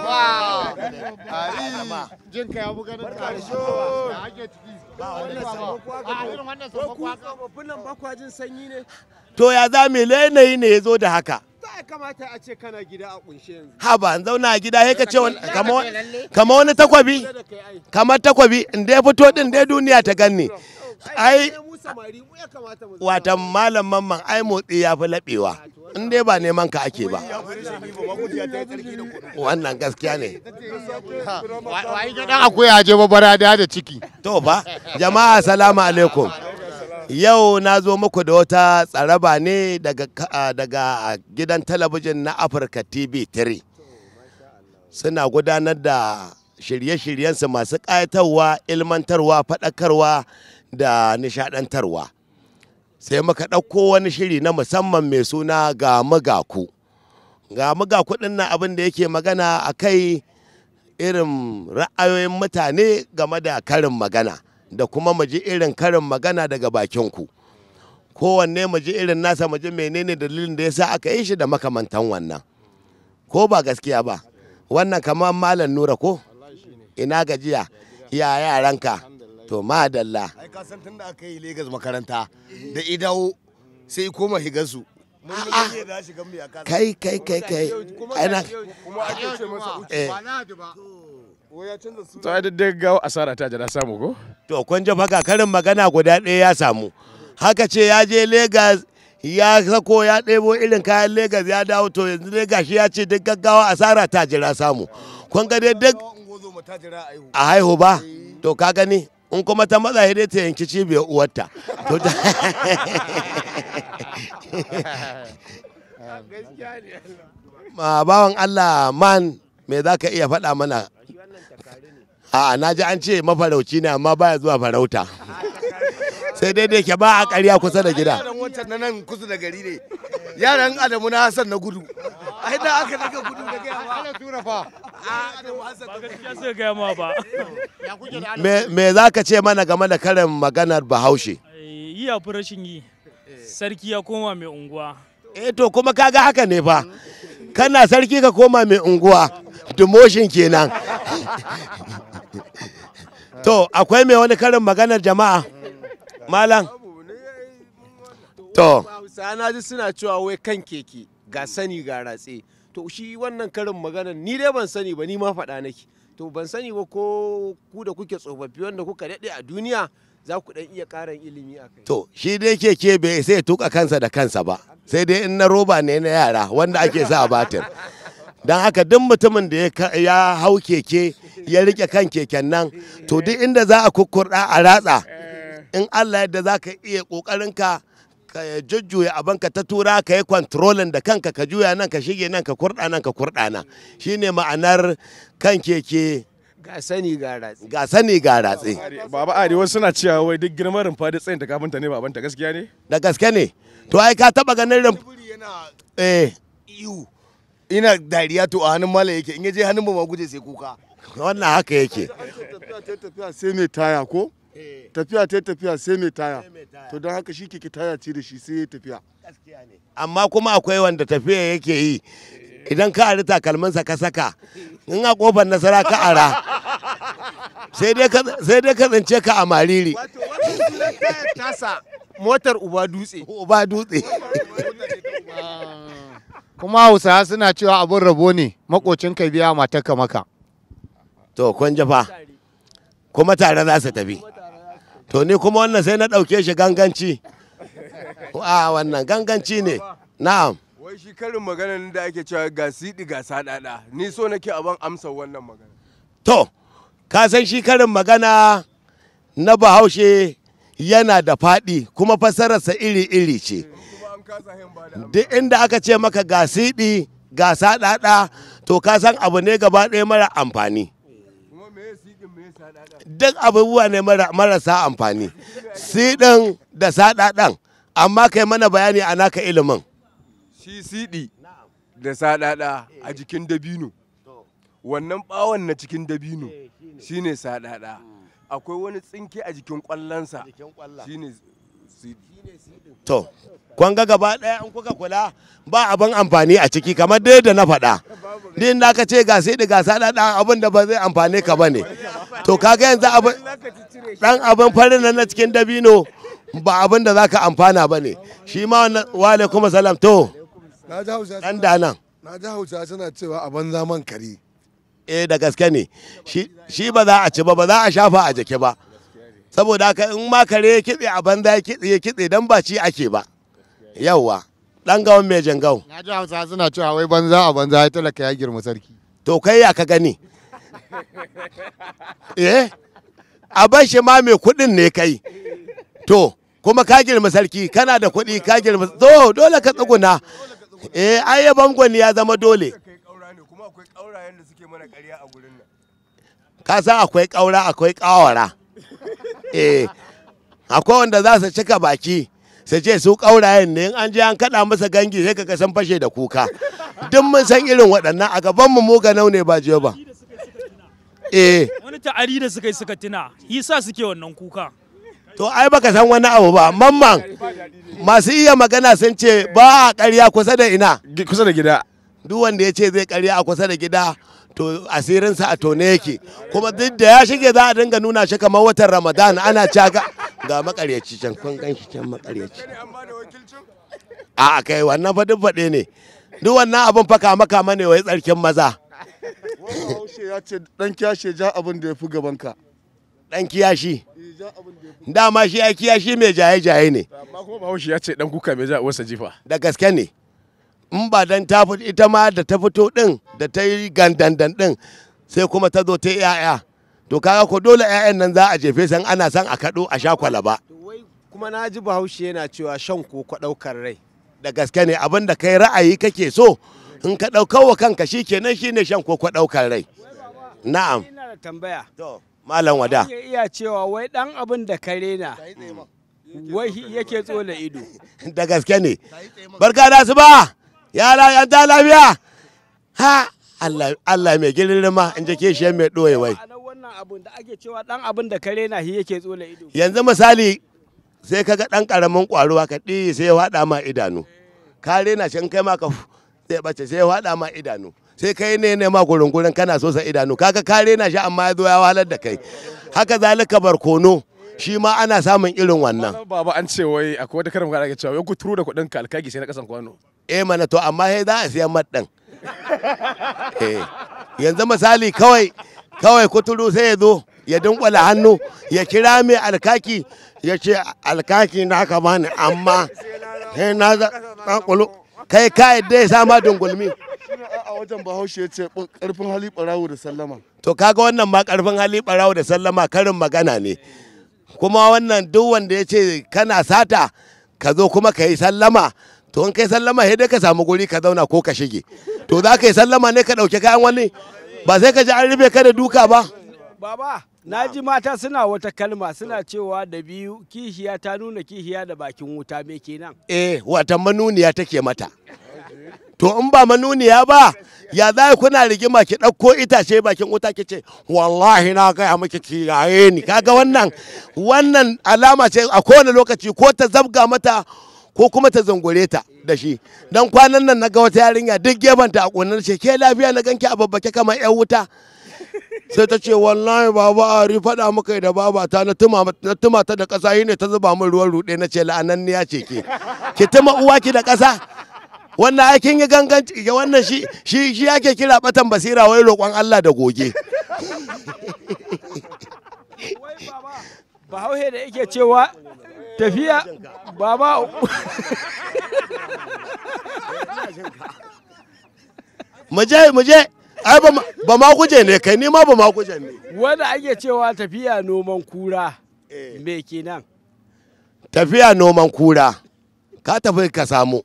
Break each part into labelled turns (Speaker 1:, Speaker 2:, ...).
Speaker 1: yawa sanyi to ya za me lenayi ne ya zo da haka kamata a ce kana gida a an zauna a gida sai ka kama wani takwabi kamar takwabi in dai fito din dai duniya ta ganni watan malam mamman ai motsi ya fi laɓewa in dai ba neman ka ake ba wannan gaskiya ne akwai aje babara da da ciki to ba jama'a salamu alaikum yau na zo muku da wata tsaraba ne daga daga gidan talabijin na Africa TV 3 suna gudanar da shirye-shiryensu masu ƙayatarwa ilmantarwa faɗakarwa da nishadantarwa sai muka ɗauko wani shiri na musamman mai suna ga magaku ga magaku ɗin nan abin da yake magana a kai irin ra'ayoyin mutane game da karin magana da kuma mu irin karin magana daga bakinku kowanne mu ji irin nasa maji menene dalilin da ya sa aka yi shi da makamantan wannan ko ba gaskiya ba wannan kamar malam nura ko ina gajiya ya yaranka to madalla ai ka san tunda aka yi legas makaranta da idawo sai koma higarsu kai kai kai kai ana kuma ake ce masa uci eh. ba na ba to ai da gawo asara ta jira samu ko to kun ji baka karin magana guda ɗaya ya samu haka ce ya je Legas ya sako ya ɗebo irin kayan Legas ya dawo to yanzu ne gashi ya ce duk gaggawa asara ta jira samu kun ga dai duk a haihu ba eh. to ka gani in kuma ta maza ya ta yanki cibiyar uwarta ma bawan Allah man me za ka iya faɗa mana a na ji an ce mafarauci ne amma baya zuwa farauta sai dai dai ke ba a ƙarya kusa da gida yaran na nan kusa da gari ne yaran adamu na hasan na gudu ai da aka daga gudu da gaya ba ana tura fa me za ka ce mana game da karin maganar bahaushe yi a rashin yi sarki ya koma mai unguwa E to kuma kaga haka ne fa kana sarki ka koma mai unguwa dumoshin kenan to akwai mai wani karin maganar jama'a malam to na ji suna cewa wai kan keke ga sani ga ratse to shi wannan karin maganar ni dai ban sani ba ni ma faɗa nake to ban sani ba ko ku da kuke tsofaffi wanda kuka daɗe a duniya za ku ɗan iya ƙarin ilimi a kai. To shi dai ke bai sai tuka kansa da kansa ba sai dai in na roba ne na yara wanda ake sa a batir. Don haka duk mutumin da ya hau keke ya rike kan keken nan to duk inda za a kukkurɗa a ratsa in Allah yadda za ka iya ƙoƙarinka ka jujjuya abanka ta tura ka yi kwantrolin da kanka ka juya nan ka shige nan ka kurɗa nan ka kurɗa nan shine ma'anar kan keke ga sani ga ratse baba arewa suna cewa wai duk girman rumfa da tsayin ta kafinta ne baban ta gaskiya ne da gaske ne to ai ka taba ganin rumfa eh iyu ina dariya to a hannun mala yake in je hannun ba ma guje sai kuka wannan haka yake sai mai taya ko tafiya ta tafiya sai mai taya to don haka shi kiki taya ce da shi sai ya tafiya amma kuma akwai wanda tafiya yake yi idan ka ari takalminsa ka saka in a kofar nasara ka ara sai dai ka zance ka a mariri motar uba dutse uba dutse kuma hausawa suna cewa abin rabo ne makocin ka biya matarka maka to kun jafa kuma tare za su tafi to ni kuma wannan sai na ɗauke shi ganganci a wannan ganganci ne na'am wai shi karin maganar da ake cewa ga siɗi ga saɗaɗa ni so nake a ban amsa wannan magana to ka san shi karin magana na bahaushe yana da faɗi kuma fassararsa iri-iri ce eh, duk inda aka ce maka ga siɗi ga saɗaɗa to ka san abu ne gaba ɗaya mara amfani duk abubuwa ne marasa amfani siɗin da saɗaɗan amma kai mana bayani a naka ilimin shi siɗi da Sadada a jikin dabino wannan ɓawon na cikin dabino shine Sadada, akwai wani tsinke a jikin ƙwallonsa shine siɗi to kun ga gaba ɗaya in kuka kula ba abin amfani a ciki kamar dai da na faɗa ni na ka ce ga sai da gasa da ɗan abin da ba zai amfane ka ba ne to kaga yanzu abin ɗan abin farin na cikin dabino ba abin da za ka amfana ba ne shi ma wa alaikum salam to ɗan danan na ji hausa suna cewa a zaman kare eh da gaske ne shi ba za a ci ba ba za a shafa a jiki ba saboda haka in ma kare ya kitse a banza ya kitse ya kitse dan ba ci ake ba yawwa dan gawan mai jangau na ji hausa suna cewa wai banza a banza ya talaka ya girma sarki to kai ya ka gani eh a ban ma mai kuɗin ne kai to kuma ka girma sarki kana da kuɗi ka girma to dole ka tsuguna eh ai ya bangon ya zama dole ka san akwai ƙaura akwai ƙawara eh akwai wanda za su cika baki su ce su ƙaurayen ne in an je an kaɗa masa gangi sai ka san fashe da kuka duk mun san irin waɗannan a gaban mu muga nau ne ba je ba eh wani ta'ari da suka yi suka tuna yasa suke wannan kuka to ai baka san wani abu ba mamman masu iya magana sun ce ba a ƙarya kusa da ina kusa da gida duk wanda ya ce zai ƙarya a kusa da gida to asirinsa a tone yake kuma duk da ya shige za a dinga nuna shi kamar watan ramadan ana caka ga makaryaci can kun gan shi can makaryaci a kai wannan fa duk faɗe ne duk wannan abin fa kama kama ne wai tsarkin maza ya ce dan kiyashi ja abin da ya fi ka dan kiyashi eh, dama shi ya kiyashi mai jaye jaye ne amma kuma bahaushe ya ce dan kuka mai ja wasa jifa da gaske ne in ba dan ta ita ma da ta fito din da ta yi gandandan din sai kuma ta zo ta yaya to kaga ko dole yayan nan za a jefe san ana san a kado a sha kwalaba kuma na ji bahaushe yana cewa shan koko daukar rai da gaske ne abin da kai ra'ayi kake so in ka daukar wa kanka shikenan shine shan koko daukar rai na'am ina da tambaya to malam wada iya cewa wai dan abin da kare na wai yake tsola ido da gaske ne barka da su ba yara ya ta lafiya ha Allah mai girin rima in ji shi mai ɗoye wai da ake cewa dan da kare na shi yake tsola ido yanzu misali sai kaga dan karamin kwaruwa ka ɗi sai ya wada ma idanu kare na shin kai ma ka sai bace sai ya wada ma idanu sai kai ne ne ma gurin kana so sa idanu kaga kare na shi amma ya zo ya walar da kai haka zalika barkono shi ma ana samun irin wannan baba an ce wai akwai wata ake cewa yanku turu da kuɗin sai na kasan kwano E mana to amma sai za a siyan mat din eh, yanzu misali kawai kawai kuturu sai ya zo ya dunkwala hannu ya kira mai alkaki ya ce alkaki na haka bani amma sai na zaɓa kai ka yadda ya sama dungulmi a wajen bahaushe ce karfin hali barawo da sallama to kaga wannan ma karfin hali barawo da sallama karin magana ne kuma wannan duk wanda ya ce kana sata ka zo kuma ka yi sallama to in kai sallama sai dai ka samu guri ka zauna ko ka shige to za ka yi sallama ne ka ɗauki kayan wani ba sai ka ji an rufe ka da duka ba baba na ji mata suna wata kalma suna cewa da biyu kishiya ta nuna kishiya da bakin wuta me kenan eh wata manuniya take mata to in ba manuniya ba ya za kuna rigima ki ɗauko itace bakin wuta ki ce wallahi na gaya miki kiyaye ni kaga wannan wannan alama ce a kowane lokaci ko ta zabga mata ko kuma ta zangore ta da shi dan kwanan nan naga wata yarinya duk gefanta a ƙonar ce ke lafiya na ganki a babbake kamar yan wuta sai ta ce wallahi baba a ri faɗa maka da baba ta na tuma ta da ƙasa ne ta zuba min ruwan ruɗe na ce la'ananniya ce ke ki tuma uwa ki da ƙasa wannan aikin yi ganganci ya wannan shi shi shi yake kira batan basira wai roƙon Allah da goge wai baba hauhe da yake cewa tafiya baba muje muje ai ba ma guje ne kai ni ma ba ma guje ne wanda ake cewa tafiya noman kura eh. me kenan tafiya noman kura ka tafi ka samu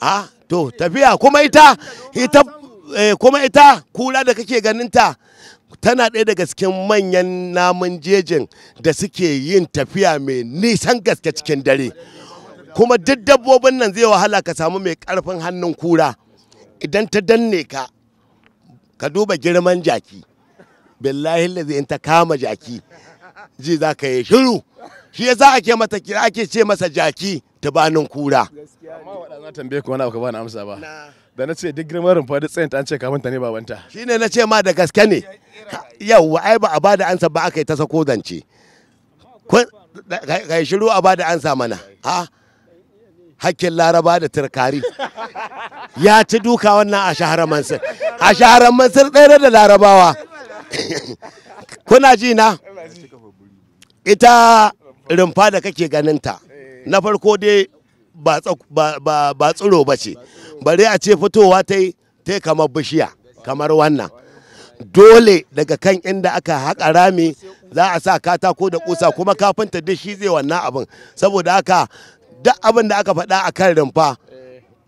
Speaker 1: a to tafiya kuma ita ita eh, kuma ita kura da kake ganin ta tana ɗaya daga cikin manyan namun jejin da suke yin tafiya mai nisan gaske cikin dare kuma duk dabbobin nan zai wahala ka samu mai ƙarfin hannun kura idan ta danne ka ka duba girman jaki billahi lazi in ta kama jaki ji za ka yi shiru shi za ake mata ake ce masa jaki tubanin kura amma ba amsa ba da na ce duk girman rumfa duk tsayin ta an ce kafin ta ne babanta shine na ce ma da gaske ne Yau ai ba a ba da ansa ba aka yi ta sako zance kai shiru a ba da ansa mana ha hakkin laraba da turkari ya ci duka wannan a shaharar mansur a shaharar mansur ɗaya da larabawa kuna ji na ita rumfa da kake ganinta na farko dai ba tsiro ba ce bare a ce fitowa ta yi kamar bishiya kamar wannan dole daga kan inda aka haƙa rami za a sa katako da ƙusa kuma kafinta duk shi zai wannan abin saboda haka duk abin da aka faɗa a kan rumfa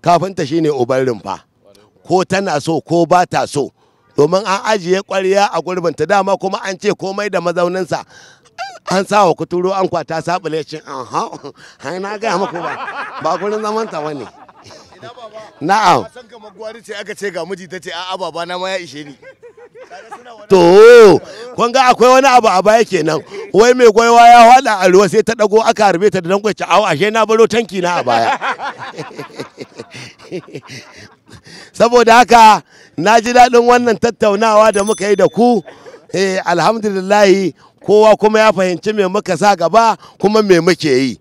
Speaker 1: kafinta ne uban rumfa ko tana so ko ba ta so domin an ajiye ƙwarya a gurbinta dama kuma an ce komai da mazauninsa an sa wa kuturo an kwata sabule shi an hau na gaya muku ba ba gurin zamanta ta wani na'am san kamar gwari ce aka ce ga miji ta ce a'a baba na ma ya ishe ni to kun ga akwai wani abu a baya kenan wai mai gwaiwa ya hada a ruwa sai ta dago aka harbe ta da dangon ci awo ashe na baro tanki na a baya saboda haka na ji daɗin wannan tattaunawa da muka yi da ku eh, alhamdulillahi kowa kuma ya fahimci me muka sa gaba kuma me muke yi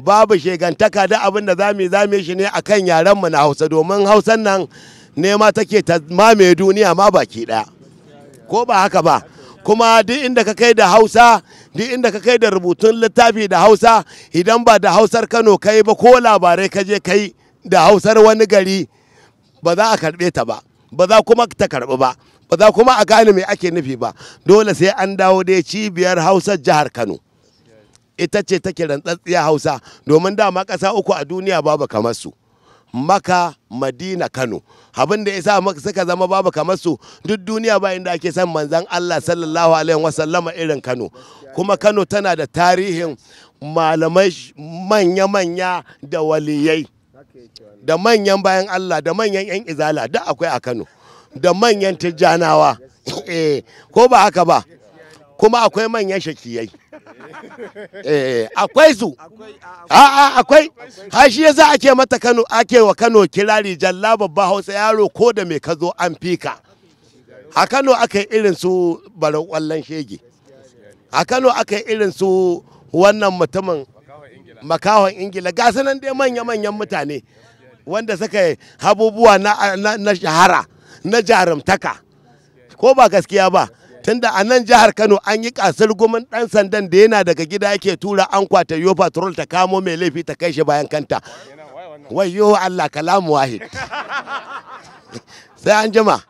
Speaker 1: babu shegantaka da abin da zamu zame shi ne akan mu na hausa domin hausan nan nema take ta mame duniya ma baki ɗaya ko ba haka ba kuma duk inda ka kai da hausa duk inda ka kai da rubutun littafi da hausa idan ba da hausar kano kai ba ko labarai ka je kai da hausar wani gari ba za a karɓe ta ba ba za kuma ta karɓi ba ba za kuma a gane me ake nufi ba dole sai an dawo dai cibiyar hausar jihar kano ita ce take rantsatsiya hausa domin dama ƙasa uku a duniya babu kamar su maka madina kano abin da ya sa maka suka zama babu kamar su duk duniya bayan da ake son manzan allah sallallahu alaihi wasallama irin kano kuma kano tana da tarihin malamai manya-manya da waliyai da manyan bayan allah da manyan 'yan izala da akwai a kano da manyan tijjanawa eh, ko ba haka ba kuma akwai manyan shakiyai eh, akwai su a'a akwai shi yasa ake mata Kano ake wa Kano kirari jalla babba Hausa yaro ko da me kazo an fika a Kano akai yi irin su baran kwallon shege a Kano akai yi irin su wannan mutumin makawan Ingila ga sanan dai manya-manyan mutane wanda suka yi abubuwa na shahara na jarumtaka ko ba gaskiya ba tunda a nan jihar Kano an yi kasar gumin dan sandan da yana daga gida yake tura an kwata yo patrol ta kamo mai laifi ta kai shi bayan kanta wayo Allah kalamu wahid sai an jima